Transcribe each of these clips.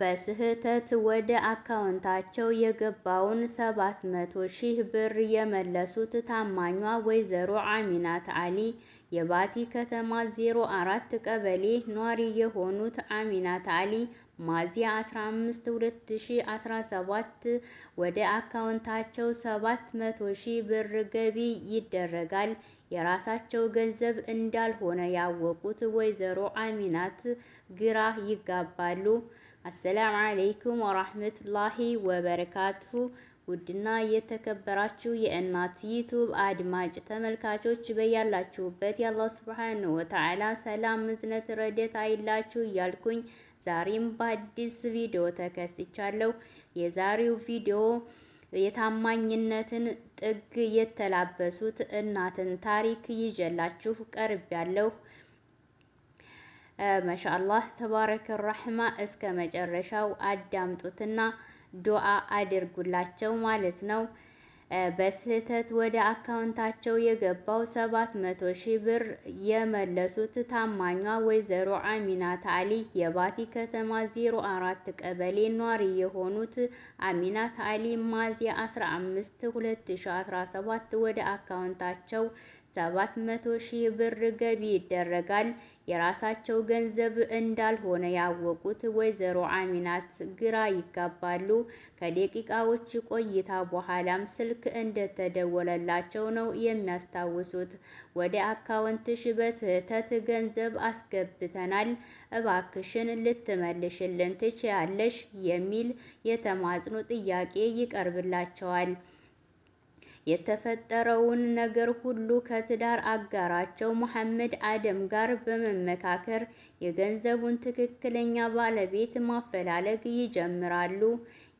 በስህተት ወደ አካውንታቸው የገባውን 700 መቶ ሺህ ብር የመለሱት ታማኟ ወይዘሮ አሚናት አሊ የባቲ ከተማ 04 ቀበሌ ኗሪ የሆኑት አሚናት አሊ ሚያዝያ 15 2017 ወደ አካውንታቸው 700 ሺህ ብር ገቢ ይደረጋል። የራሳቸው ገንዘብ እንዳልሆነ ያወቁት ወይዘሮ አሚናት ግራ ይጋባሉ። አሰላም አለይኩም ወራህመቱላሂ ወበረካቱ። ውድና የተከበራችሁ የእናት ዩቱብ አድማጭ ተመልካቾች በያላችሁበት የአላህ ሱብሓነሁ ወተዓላ ሰላም፣ እዝነት፣ ረደት አይላችሁ እያልኩኝ ዛሬም በአዲስ ቪዲዮ ተከስቻለሁ። የዛሬው ቪዲዮ የታማኝነትን ጥግ የተላበሱት እናትን ታሪክ ይዤላችሁ ቀርብ ማሻአላህ ተባረከ ራህማ እስከ መጨረሻው አዳምጡትና ዱዓ አድርጉላቸው ማለት ነው። በስህተት ወደ አካውንታቸው የገባው 700 ሺህ ብር የመለሱት ታማኟ ወይዘሮ አሚናት አሊ የባቲ ከተማ 04 ቀበሌ ኗሪ የሆኑት አሚናት አሊ ሚያዝያ 15 2017 ወደ አካውንታቸው ሰባት መቶ ሺህ ብር ገቢ ይደረጋል። የራሳቸው ገንዘብ እንዳልሆነ ያወቁት ወይዘሮ አሚናት ግራ ይጋባሉ። ከደቂቃዎች ቆይታ በኋላም ስልክ እንደተደወለላቸው ነው የሚያስታውሱት። ወደ አካውንትሽ በስህተት ገንዘብ አስገብተናል፣ እባክሽን ልትመልሽልን ትችያለሽ የሚል የተማጽኖ ጥያቄ ይቀርብላቸዋል። የተፈጠረውን ነገር ሁሉ ከትዳር አጋራቸው መሐመድ አደም ጋር በመመካከር የገንዘቡን ትክክለኛ ባለቤት ማፈላለግ ይጀምራሉ።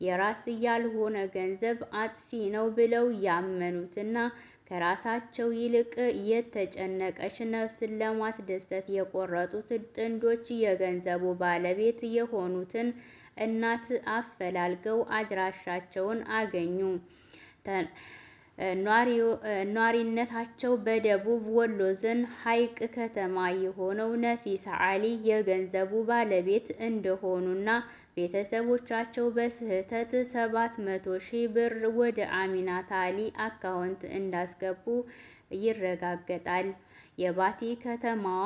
የራስ ያልሆነ ገንዘብ አጥፊ ነው ብለው ያመኑትና ከራሳቸው ይልቅ የተጨነቀች ነፍስን ለማስደሰት የቆረጡት ጥንዶች የገንዘቡ ባለቤት የሆኑትን እናት አፈላልገው አድራሻቸውን አገኙ። ኗሪነታቸው በደቡብ ወሎ ዞን ሀይቅ ከተማ የሆነው ነፊሳ አሊ የገንዘቡ ባለቤት እንደሆኑና ቤተሰቦቻቸው በስህተት 700 ሺህ ብር ወደ አሚናት አሊ አካውንት እንዳስገቡ ይረጋገጣል። የባቲ ከተማዋ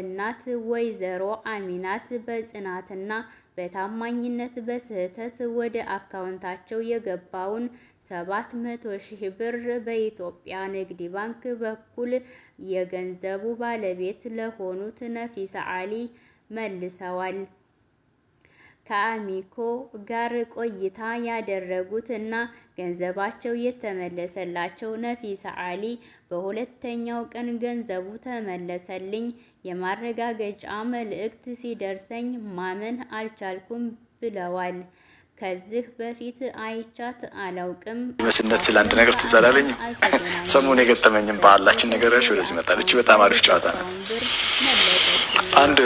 እናት ወይዘሮ አሚናት በጽናትና በታማኝነት በስህተት ወደ አካውንታቸው የገባውን 700 ሺህ ብር በኢትዮጵያ ንግድ ባንክ በኩል የገንዘቡ ባለቤት ለሆኑት ነፊሳ አሊ መልሰዋል። ከአሚኮ ጋር ቆይታ ያደረጉት እና ገንዘባቸው የተመለሰላቸው ነፊሳ አሊ በሁለተኛው ቀን ገንዘቡ ተመለሰልኝ የማረጋገጫ መልእክት ሲደርሰኝ ማመን አልቻልኩም ብለዋል። ከዚህ በፊት አይቻት አላውቅም መስነት ስለ አንድ ነገር ትዝ አላለኝ። ሰሞኑን የገጠመኝም ባህላችን ነገሮች ወደዚህ መጣለች። በጣም አሪፍ ጨዋታ ነው። አንድ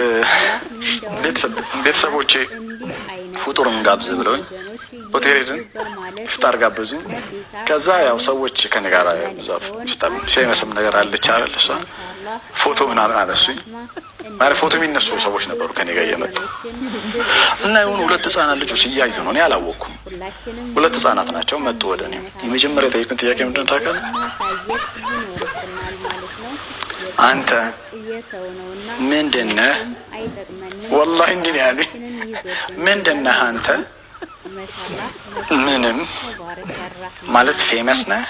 ቤተሰቦቼ ፍጡር ጋብዝ ብለውኝ ሆቴል ሄድን፣ ፍጣር ጋብዙ። ከዛ ያው ሰዎች ከኔ ጋር ፍጣር ሻይ መስም ነገር አለች አይደል? እሷ ፎቶ ምናምን አነሱኝ። ማለት ፎቶ የሚነሱ ሰዎች ነበሩ ከኔ ጋር እየመጡ እና የሆኑ ሁለት ህጻናት ልጆች እያዩ ነው። እኔ አላወቅኩም። ሁለት ህጻናት ናቸው መጡ ወደ እኔ። የመጀመሪያ የጠየቅን ጥያቄ ምንድን ታውቃለህ? አንተ ምንድን ነህ? ወላሂ እንዲህ ነው ያሉኝ ምንድን ነህ አንተ? ምንም ማለት ፌመስ ነህ?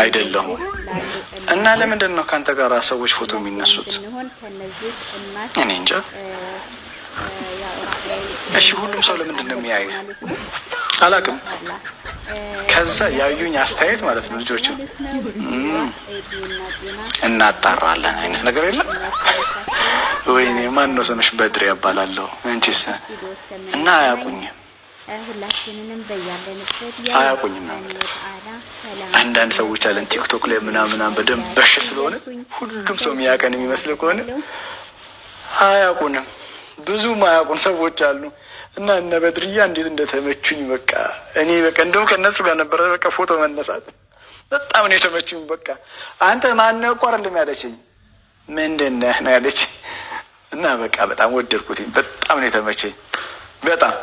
አይደለሁም። እና ለምንድን ነው ከአንተ ጋር ሰዎች ፎቶ የሚነሱት? እኔ እንጃ። እሺ፣ ሁሉም ሰው ለምንድን ነው የሚያየው? አላቅም። ከዛ ያዩኝ አስተያየት ማለት ነው ልጆችን እናጣራለን አይነት ነገር የለም። ወይኔ ማን ነው ስምሽ? በድር ያባላለሁ። አንቺስ? እና አያቁኝም አያቁኝም ነው። አንዳንድ ሰዎች አለን ቲክቶክ ላይ ምናምናም በደንብ በሽ ስለሆነ ሁሉም ሰው የሚያቀን የሚመስል ከሆነ አያቁንም ብዙ ማያውቁን ሰዎች አሉ እና እነ በድርያ እንዴት እንደተመቹኝ በቃ እኔ በቃ እንደውም ከእነሱ ጋር ነበረ በቃ ፎቶ መነሳት በጣም ነው የተመቹኝ። በቃ አንተ ማነህ እኮ አይደለም ያለችኝ፣ ምንድን ነህ ነው ያለች እና በቃ በጣም ወደድኩትኝ። በጣም ነው የተመቸኝ በጣም